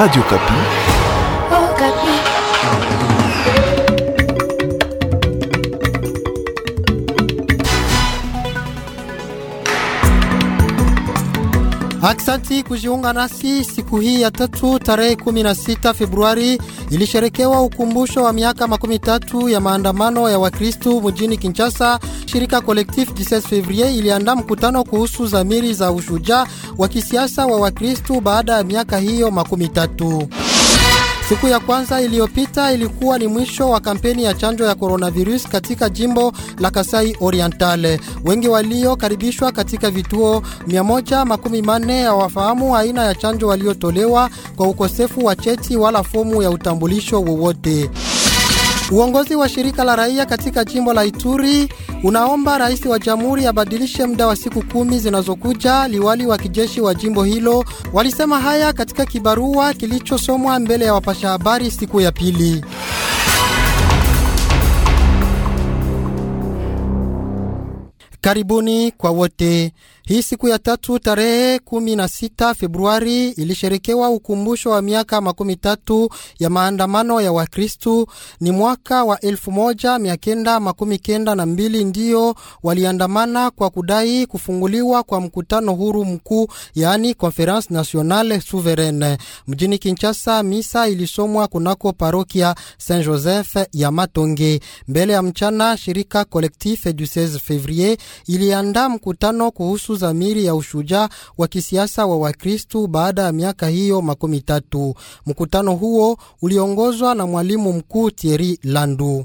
Radio Kapi. Oh, Kapi. Aksanti kujiunga nasi siku hii ya tatu tarehe 16 Februari ilisherekewa ukumbusho wa miaka makumi tatu ya maandamano ya Wakristu mjini Kinshasa. Shirika Collectif 16 Fevrier iliandaa mkutano kuhusu dhamiri za ushujaa wa kisiasa wa Wakristu baada ya miaka hiyo makumi tatu. Siku ya kwanza iliyopita ilikuwa ni mwisho wa kampeni ya chanjo ya coronavirus katika jimbo la Kasai Orientale. Wengi waliokaribishwa katika vituo ya wafahamu aina ya chanjo waliotolewa kwa ukosefu wa cheti wala fomu ya utambulisho wowote. Uongozi wa shirika la raia katika jimbo la Ituri unaomba rais wa jamhuri abadilishe muda wa siku kumi zinazokuja. Liwali wa kijeshi wa jimbo hilo walisema haya katika kibarua kilichosomwa mbele ya wapasha habari siku ya pili. Karibuni kwa wote. Hii siku ya tatu tarehe 16 Februari ilisherekewa ukumbusho wa miaka makumi tatu ya maandamano ya Wakristu. Ni mwaka wa 1992 ndiyo waliandamana kwa kudai kufunguliwa kwa mkutano huru mkuu, yaani Conference Nationale Souveraine. Mjini Kinshasa, misa ilisomwa kunako parokia Saint Joseph ya Matonge. Mbele ya mchana, shirika Collectif du 16 Fevrier iliandaa mkutano kuhusu dhamiri ya ushujaa wa kisiasa wa Wakristu baada ya miaka hiyo makumi tatu. Mkutano huo uliongozwa na mwalimu mkuu Thierry Landu.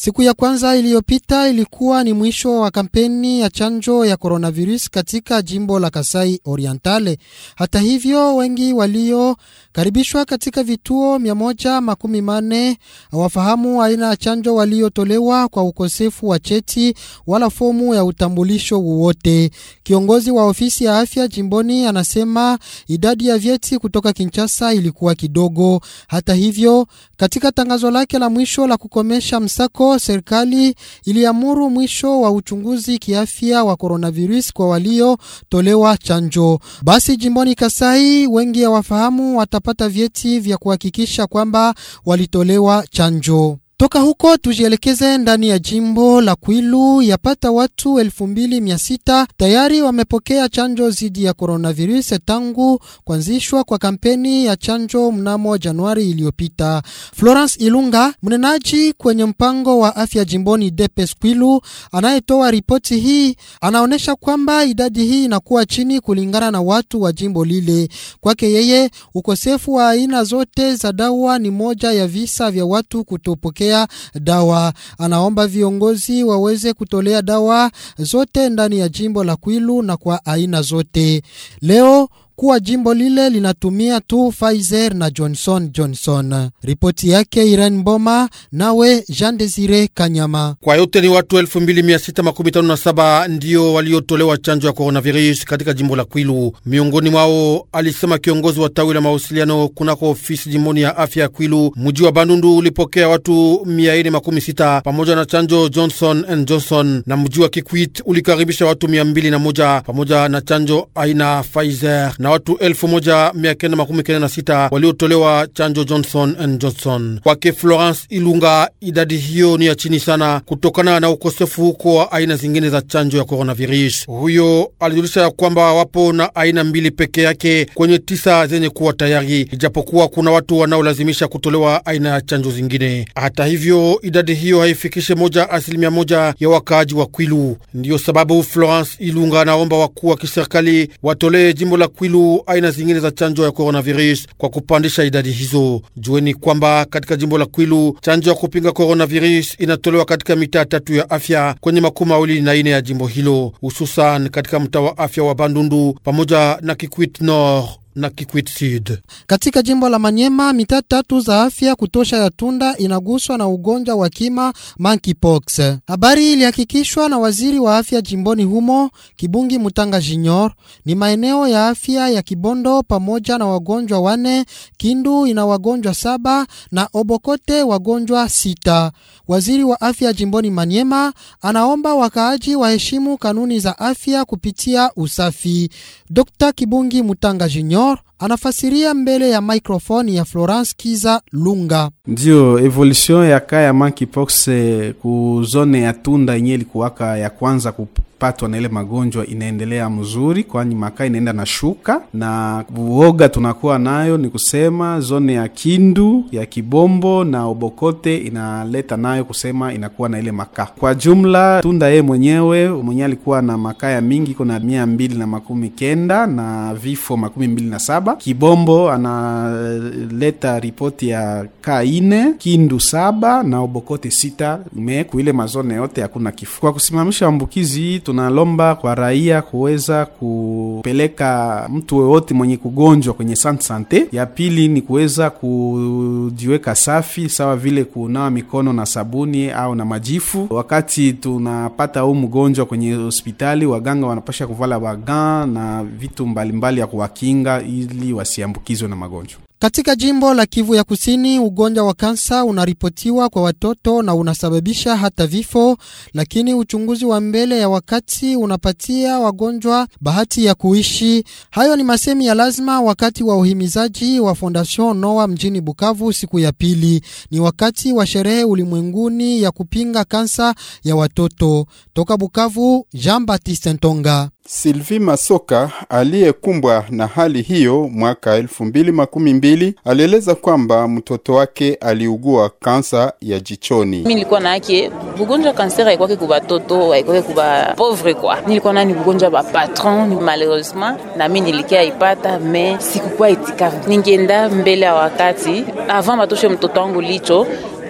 Siku ya kwanza iliyopita ilikuwa ni mwisho wa kampeni ya chanjo ya coronavirus katika jimbo la Kasai Orientale. Hata hivyo, wengi waliokaribishwa katika vituo 140 hawafahamu aina ya chanjo waliotolewa kwa ukosefu wa cheti wala fomu ya utambulisho wowote. Kiongozi wa ofisi ya afya jimboni anasema idadi ya vyeti kutoka Kinshasa ilikuwa kidogo. Hata hivyo, katika tangazo lake la mwisho la kukomesha msako serikali iliamuru mwisho wa uchunguzi kiafya wa coronavirus kwa waliotolewa chanjo. Basi jimboni Kasai, wengi wafahamu watapata vyeti vya kuhakikisha kwamba walitolewa chanjo. Toka huko tujielekeze ndani ya jimbo la Kwilu. Yapata watu 2600 tayari wamepokea chanjo dhidi ya coronavirus tangu kuanzishwa kwa kampeni ya chanjo mnamo Januari iliyopita. Florence Ilunga, mnenaji kwenye mpango wa afya jimboni Depes Kwilu, anayetoa ripoti hii, anaonyesha kwamba idadi hii inakuwa chini kulingana na watu wa jimbo lile. Kwake yeye, ukosefu wa aina zote za dawa ni moja ya visa vya watu kutopokea kutolea dawa. Anaomba viongozi waweze kutolea dawa zote ndani ya jimbo la Kwilu na kwa aina zote. Leo kuwa jimbo lile linatumia tu Pfizer na Johnson Johnson. Ripoti yake Irene Mboma nawe Jean Desire Kanyama. Kwa yote ni watu 2657 ndiyo waliotolewa chanjo ya coronavirus katika jimbo la Kwilu. Miongoni mwao, alisema kiongozi wa tawi la mawasiliano kunako ofisi jimboni ya afya ya Kwilu, mji wa Bandundu ulipokea watu 416 pamoja na chanjo Johnson and Johnson, na mji wa Kikwit ulikaribisha watu 201 pamoja na chanjo aina Pfizer na watu 1996 waliotolewa chanjo Johnson and Johnson. Kwake Florence Ilunga, idadi hiyo ni ya chini sana kutokana na ukosefu huko wa aina zingine za chanjo ya coronavirus. Huyo alijulisha ya kwamba wapo na aina mbili peke yake kwenye tisa zenye kuwa tayari, ijapokuwa kuna watu wanaolazimisha kutolewa aina ya chanjo zingine. Hata hivyo, idadi hiyo haifikishe moja asilimia moja ya wakaaji wa Kwilu. Ndiyo sababu Florence Ilunga anaomba wakuu wa kiserikali watolee jimbo la Kwilu kuhusu aina zingine za chanjo ya coronavirus kwa kupandisha idadi hizo. Jueni kwamba katika jimbo la Kwilu chanjo ya kupinga coronavirus inatolewa katika mitaa tatu ya afya kwenye makumi mawili na ine ya jimbo hilo, hususan katika mtaa wa afya wa Bandundu pamoja na Kikwit Nord na Kikwit Sud. Katika jimbo la Manyema, mitaa tatu za afya kutosha ya Tunda inaguswa na ugonjwa wa kima monkeypox. Habari ilihakikishwa na waziri wa afya jimboni humo Kibungi Mutanga Junior. Ni maeneo ya afya ya Kibondo pamoja na wagonjwa wane, Kindu ina wagonjwa saba na Obokote wagonjwa sita. Waziri wa afya jimboni Manyema anaomba wakaaji waheshimu kanuni za afya kupitia usafi. Dr. Kibungi Mutanga Junior anafasiria mbele ya microphone ya Florence Kiza Lunga. Ndio evolution ya kaya monkeypox eh, ku zone ya Tunda yenye ilikuwaka ya kwanza kupatwa na ile magonjwa inaendelea mzuri, kwani makaa inaenda na shuka na uoga tunakuwa nayo ni kusema zone ya Kindu ya Kibombo na Obokote inaleta nayo kusema inakuwa na ile makaa kwa jumla. Tunda yeye mwenyewe mwenyewe alikuwa na makaa ya mingi iko na mia mbili na makumi kenda na vifo makumi mbili na saba. Kibombo analeta ripoti ya kaa ine, Kindu saba na Obokote sita. Me kuile mazone yote hakuna kifo. Kwa kusimamisha ambukizi hii tunalomba kwa raia kuweza kupeleka mtu wowote mwenye kugonjwa kwenye sante sante. Ya pili ni kuweza kujiweka safi, sawa vile kunawa mikono na sabuni au na majifu. Wakati tunapata huu mgonjwa kwenye hospitali, waganga wanapasha kuvala wagan na vitu mbalimbali mbali ya kuwakinga ili wasiambukizwe na magonjwa. Katika jimbo la Kivu ya Kusini, ugonjwa wa kansa unaripotiwa kwa watoto na unasababisha hata vifo, lakini uchunguzi wa mbele ya wakati unapatia wagonjwa bahati ya kuishi. Hayo ni masemi ya lazima wakati wa uhimizaji wa Fondation Noa mjini Bukavu siku ya pili. Ni wakati wa sherehe ulimwenguni ya kupinga kansa ya watoto. Toka Bukavu, Jean Baptiste Ntonga. Sylvie Masoka aliyekumbwa na hali hiyo mwaka elfu mbili makumi mbili alieleza kwamba mtoto wake aliugua kansa ya jichoni. Mimi nilikuwa na yake bugonjwa kanser haikwake ku batoto haikwake ku bapovre kwa nilikuwa nani bugonjwa ba patron ni malheureusement na mimi nilikia ipata me sikukuwa itikafu ningeenda mbele ya wakati avant batoshe mtoto wangu licho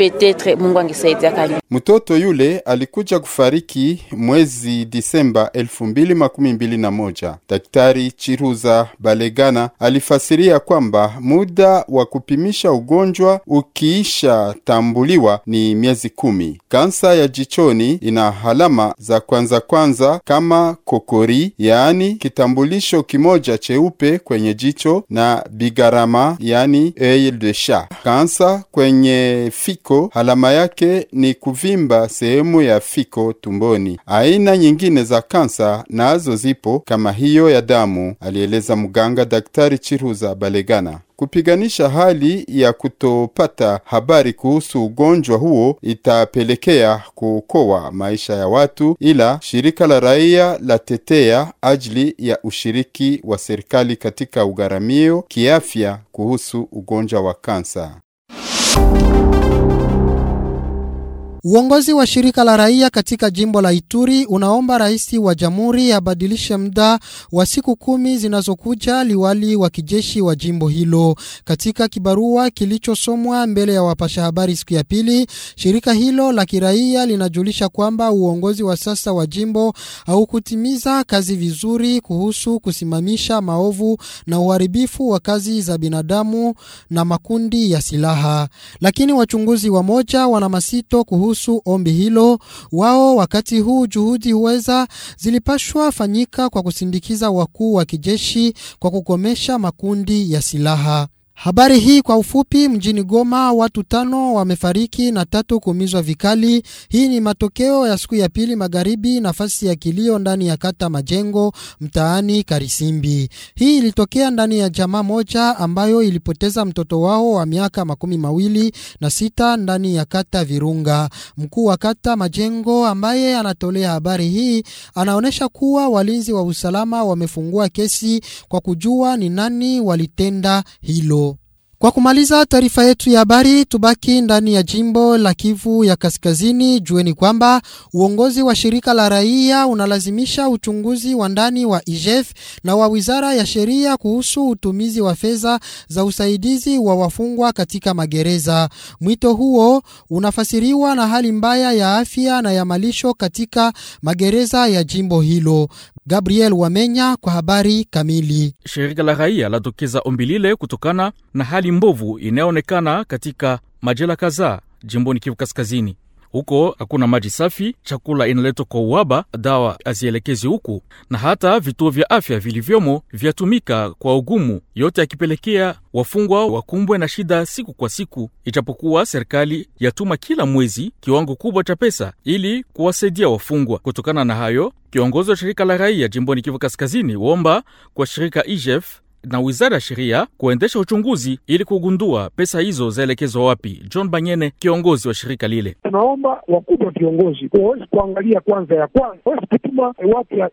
peut-être Mungu angesaidia kali. Mtoto yule alikuja kufariki mwezi Disemba elfu mbili makumi mbili na moja. Daktari Chiruza Balegana alifasiria kwamba muda wa kupimisha ugonjwa ukiisha tambuliwa ni miezi kumi. Kansa ya jichoni ina halama za kwanza kwanza kama kokori, yaani kitambulisho kimoja cheupe kwenye jicho na bigarama, yaani oeil de chat. Kansa kwenye fiko fiko, alama yake ni kuvimba sehemu ya fiko tumboni. Aina nyingine za kansa nazo zipo kama hiyo ya damu, alieleza mganga Daktari Chiruza Balegana. Kupiganisha hali ya kutopata habari kuhusu ugonjwa huo itapelekea kuokoa maisha ya watu, ila shirika la raia la tetea ajili ya ushiriki wa serikali katika ugharamio kiafya kuhusu ugonjwa wa kansa. Uongozi wa shirika la raia katika jimbo la Ituri unaomba rais wa jamhuri abadilishe muda wa siku kumi zinazokuja liwali wa kijeshi wa jimbo hilo. Katika kibarua kilichosomwa mbele ya wapasha habari siku ya pili, shirika hilo la kiraia linajulisha kwamba uongozi wa sasa wa jimbo haukutimiza kazi vizuri kuhusu kusimamisha maovu na uharibifu wa kazi za binadamu na makundi ya silaha, lakini wachunguzi wamoja wana masito kuhusu kuhusu ombi hilo. Wao wakati huu juhudi huweza zilipashwa fanyika kwa kusindikiza wakuu wa kijeshi kwa kukomesha makundi ya silaha. Habari hii kwa ufupi. Mjini Goma watu tano wamefariki na tatu kuumizwa vikali. Hii ni matokeo ya siku ya pili magharibi, nafasi ya kilio ndani ya kata Majengo mtaani Karisimbi. Hii ilitokea ndani ya jamaa moja ambayo ilipoteza mtoto wao wa miaka makumi mawili na sita ndani ya kata Virunga. Mkuu wa kata Majengo ambaye anatolea habari hii anaonyesha kuwa walinzi wa usalama wamefungua kesi kwa kujua ni nani walitenda hilo. Kwa kumaliza taarifa yetu ya habari, tubaki ndani ya jimbo la Kivu ya Kaskazini. Jueni kwamba uongozi wa shirika la raia unalazimisha uchunguzi wa ndani wa IGF na wa wizara ya sheria kuhusu utumizi wa fedha za usaidizi wa wafungwa katika magereza. Mwito huo unafasiriwa na hali mbaya ya afya na ya malisho katika magereza ya jimbo hilo. Gabriel Wamenya kwa habari kamili. Shirika la raia latokeza ombi lile kutokana na hali mbovu inayoonekana katika majela kadhaa jimboni Kivu Kaskazini. Huko hakuna maji safi, chakula inaletwa kwa uhaba, dawa hazielekezi huku, na hata vituo vya afya vilivyomo vyatumika kwa ugumu, yote yakipelekea wafungwa wakumbwe na shida siku kwa siku, ijapokuwa serikali yatuma kila mwezi kiwango kubwa cha pesa ili kuwasaidia wafungwa. Kutokana na hayo, kiongozi wa shirika la raia jimboni Kivu Kaskazini womba kwa shirika IJEF na wizara ya sheria kuendesha uchunguzi ili kugundua pesa hizo zaelekezwa wapi. John Banyene, kiongozi wa shirika lile: tunaomba wakubwa viongozi wawezi kuangalia kwanza, ya kwanza wawezi kutuma watu ya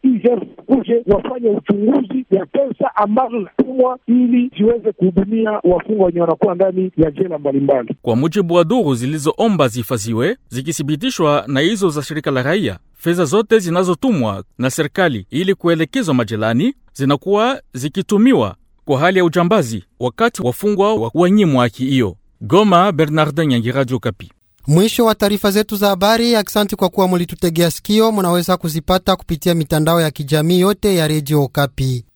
kuje wafanye uchunguzi ya pesa ambazo zitumwa ili ziweze kuhudumia wafungwa wenye wanakuwa ndani ya jela mbalimbali. Kwa mujibu wa duru zilizoomba zihifadhiwe, zikithibitishwa na hizo za shirika la raia, fedha zote zinazotumwa na serikali ili kuelekezwa majelani zinakuwa zikitumiwa kwa hali ya ujambazi wakati wafungwa wanyimwa haki hiyo. Goma, Bernardin Nyangi, Radio Kapi. Mwisho wa taarifa zetu za habari. Aksanti kwa kuwa mulitutegea sikio. Munaweza kuzipata kupitia mitandao ya kijamii yote ya redio Kapi.